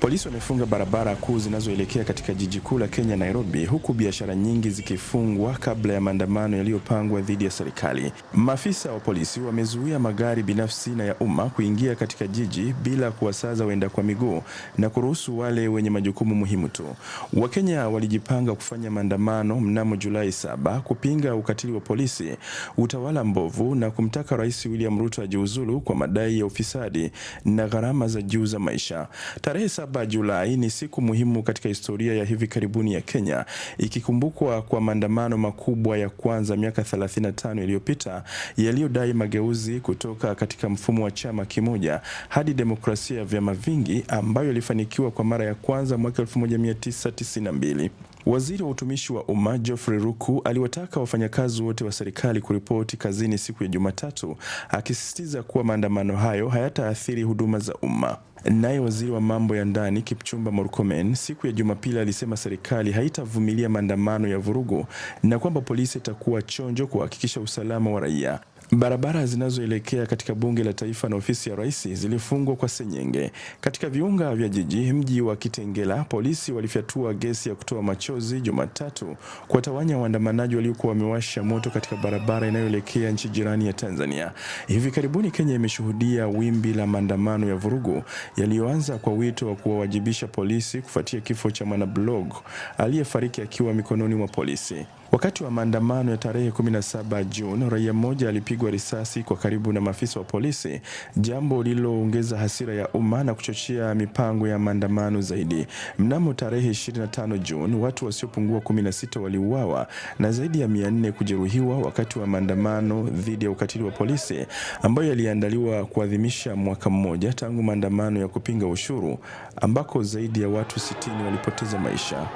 Polisi wamefunga barabara kuu zinazoelekea katika jiji kuu la Kenya, Nairobi, huku biashara nyingi zikifungwa kabla ya maandamano yaliyopangwa dhidi ya serikali. Maafisa wa polisi wamezuia magari binafsi na ya umma kuingia katika jiji bila kuwasaza waenda kwa miguu na kuruhusu wale wenye majukumu muhimu tu. Wakenya walijipanga kufanya maandamano mnamo Julai saba kupinga ukatili wa polisi, utawala mbovu na kumtaka Rais William Ruto ajiuzulu kwa madai ya ufisadi na gharama za juu za maisha. Tarehe 27 Julai ni siku muhimu katika historia ya hivi karibuni ya Kenya, ikikumbukwa kwa maandamano makubwa ya kwanza miaka 35 iliyopita yaliyodai mageuzi kutoka katika mfumo wa chama kimoja hadi demokrasia ya vyama vingi ambayo ilifanikiwa kwa mara ya kwanza mwaka 1992. Waziri wa utumishi wa umma Geoffrey Ruku aliwataka wafanyakazi wote wa serikali kuripoti kazini siku ya Jumatatu, akisisitiza kuwa maandamano hayo hayataathiri huduma za umma. Naye waziri wa mambo ya ndani Kipchumba Murkomen siku ya Jumapili alisema serikali haitavumilia maandamano ya vurugu na kwamba polisi itakuwa chonjo kuhakikisha usalama wa raia. Barabara zinazoelekea katika bunge la taifa na ofisi ya rais zilifungwa kwa senyenge. Katika viunga vya jiji mji wa Kitengela, polisi walifyatua gesi ya kutoa machozi Jumatatu kuwatawanya waandamanaji waliokuwa wamewasha moto katika barabara inayoelekea nchi jirani ya Tanzania. Hivi karibuni, Kenya imeshuhudia wimbi la maandamano ya vurugu yaliyoanza kwa wito wa kuwawajibisha polisi kufuatia kifo cha mwanablog aliyefariki akiwa mikononi mwa polisi. Wakati wa maandamano ya tarehe 17 Juni, raia mmoja alipigwa risasi kwa karibu na maafisa wa polisi, jambo lililoongeza hasira ya umma na kuchochea mipango ya maandamano zaidi. Mnamo tarehe 25 Juni, watu wasiopungua 16 waliuawa na zaidi ya 400 kujeruhiwa wakati wa maandamano dhidi ya ukatili wa polisi ambayo yaliandaliwa kuadhimisha mwaka mmoja tangu maandamano ya kupinga ushuru ambako zaidi ya watu 60 walipoteza maisha.